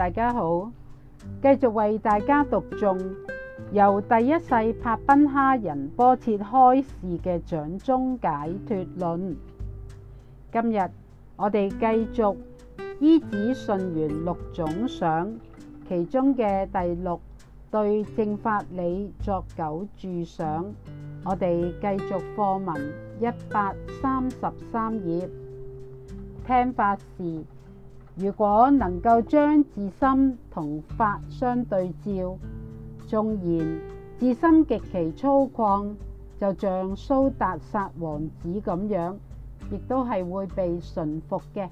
大家好，繼續為大家讀誦由第一世帕賓哈仁波切開示嘅《掌中解脱論》。今日我哋繼續依止信緣六種想，其中嘅第六對正法理作久住想，我哋繼續課文一百三十三頁聽法時。如果能夠將自心同法相對照，縱然自心極其粗獷，就像蘇達薩王子咁樣，亦都係會被馴服嘅。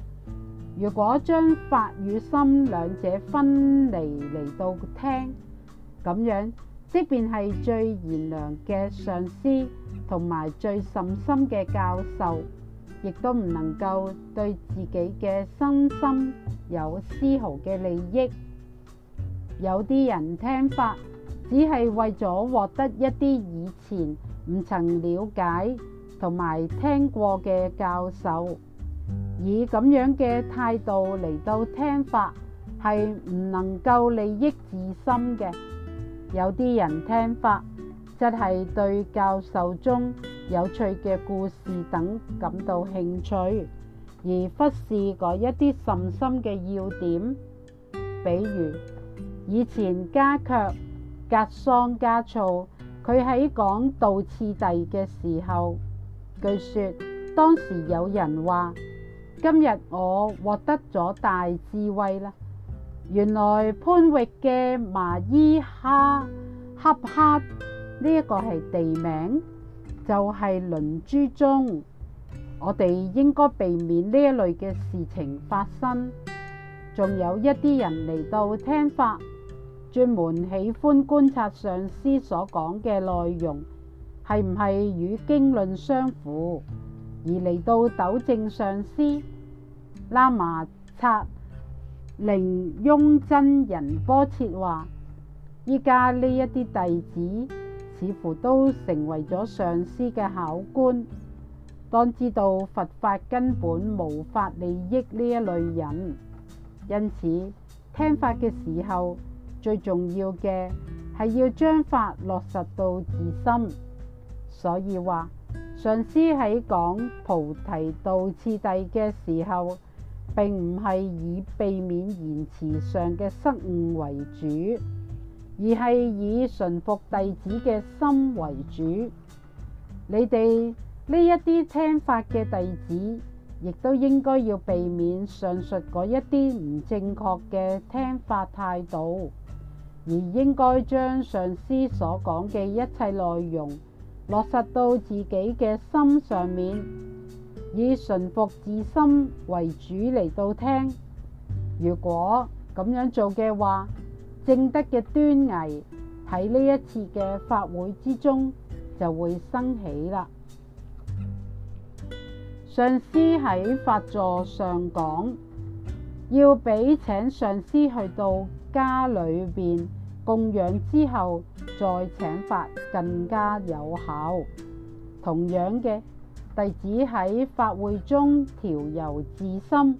如果將法與心兩者分離嚟到聽，咁樣，即便係最賢良嘅上司，同埋最甚深嘅教授。亦都唔能夠對自己嘅身心有絲毫嘅利益。有啲人聽法，只係為咗獲得一啲以前唔曾了解同埋聽過嘅教授，以咁樣嘅態度嚟到聽法，係唔能夠利益自身嘅。有啲人聽法，則係對教授中。有趣嘅故事等感到興趣，而忽視嗰一啲甚深嘅要點，比如以前加卻格桑加措，佢喺講道次第嘅時候，據說當時有人話：今日我獲得咗大智慧啦！原來潘域嘅麻依哈恰恰呢一個係地名。就係輪珠中，我哋應該避免呢一類嘅事情發生。仲有一啲人嚟到聽法，專門喜歡觀察上師所講嘅內容係唔係與經論相符，而嚟到糾正上師。喇嘛察寧雍真仁波切話：依家呢一啲弟子。似乎都成為咗上師嘅考官。當知道佛法根本無法利益呢一類人，因此聽法嘅時候，最重要嘅係要將法落實到自心。所以話，上師喺講菩提道次第嘅時候，並唔係以避免言辭上嘅失誤為主。而係以馴服弟子嘅心為主，你哋呢一啲聽法嘅弟子，亦都應該要避免上述嗰一啲唔正確嘅聽法態度，而應該將上師所講嘅一切內容，落實到自己嘅心上面，以馴服自心為主嚟到聽。如果咁樣做嘅話，正德嘅端倪喺呢一次嘅法會之中就會生起啦。上師喺法座上講，要俾請上師去到家裏邊供養之後再請法更加有效。同樣嘅弟子喺法會中調柔自心，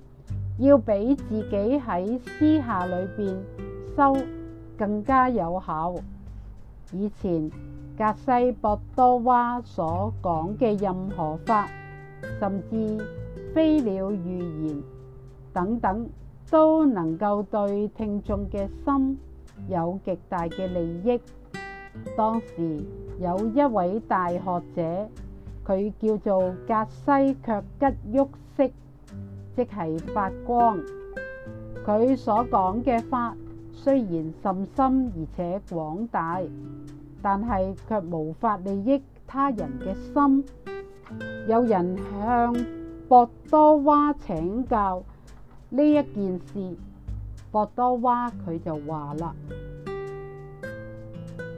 要俾自己喺私下裏邊修。更加有效。以前格西博多娃所講嘅任何法，甚至飛鳥預言等等，都能夠對聽眾嘅心有極大嘅利益。當時有一位大學者，佢叫做格西卻吉沃色，即係發光。佢所講嘅法。雖然甚深而且廣大，但係卻無法利益他人嘅心。有人向博多娃請教呢一件事，博多娃佢就話啦：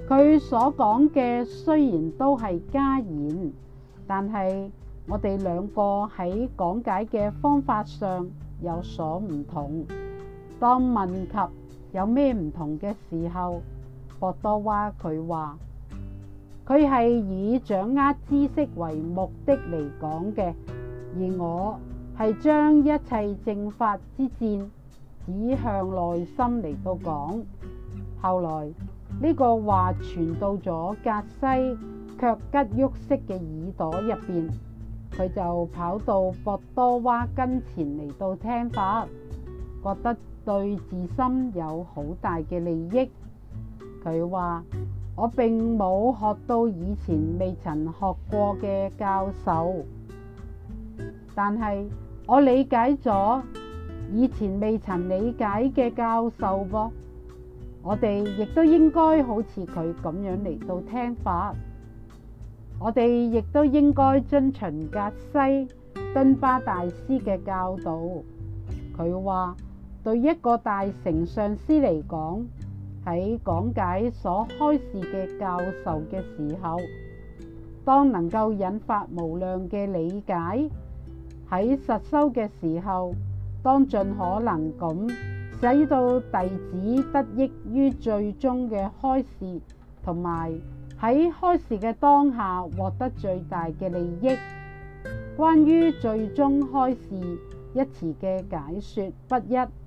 佢所講嘅雖然都係家言，但係我哋兩個喺講解嘅方法上有所唔同。當問及有咩唔同嘅時候，博多娃佢話：佢係以掌握知識為目的嚟講嘅，而我係將一切正法之戰指向內心嚟到講。後來呢個話傳到咗格西卻吉沃色嘅耳朵入邊，佢就跑到博多娃跟前嚟到聽法，覺得對自身有好大嘅利益。佢話：我並冇學到以前未曾學過嘅教授，但係我理解咗以前未曾理解嘅教授噃。我哋亦都應該好似佢咁樣嚟到聽法。我哋亦都應該遵循格西敦巴大師嘅教導。佢話。對一個大乘上師嚟講，喺講解所開示嘅教授嘅時候，當能夠引發無量嘅理解；喺實修嘅時候，當盡可能咁使到弟子得益於最終嘅開示，同埋喺開示嘅當下獲得最大嘅利益。關於最終開示一詞嘅解說不一。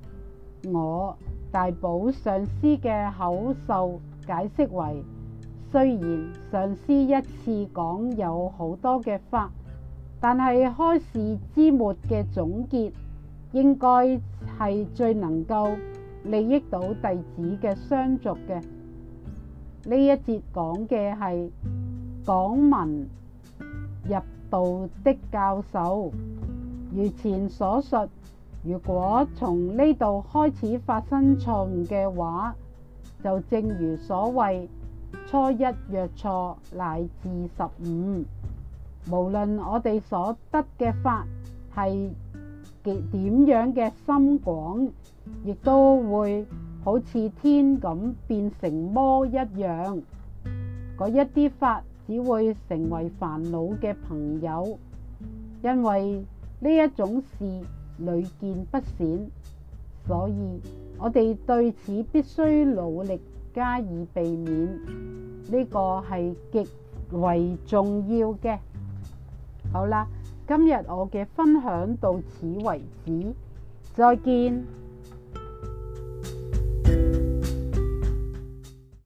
我大寶上師嘅口授解釋為：雖然上師一次講有好多嘅法，但係開示之末嘅總結，應該係最能夠利益到弟子嘅相續嘅。呢一節講嘅係講文入道的教授，如前所述。如果從呢度開始發生錯誤嘅話，就正如所謂初一若錯乃至十五，無論我哋所得嘅法係幾點樣嘅深廣，亦都會好似天咁變成魔一樣。嗰一啲法只會成為煩惱嘅朋友，因為呢一種事，屢見不鮮，所以我哋對此必須努力加以避免。呢個係極為重要嘅。好啦，今日我嘅分享到此為止，再見。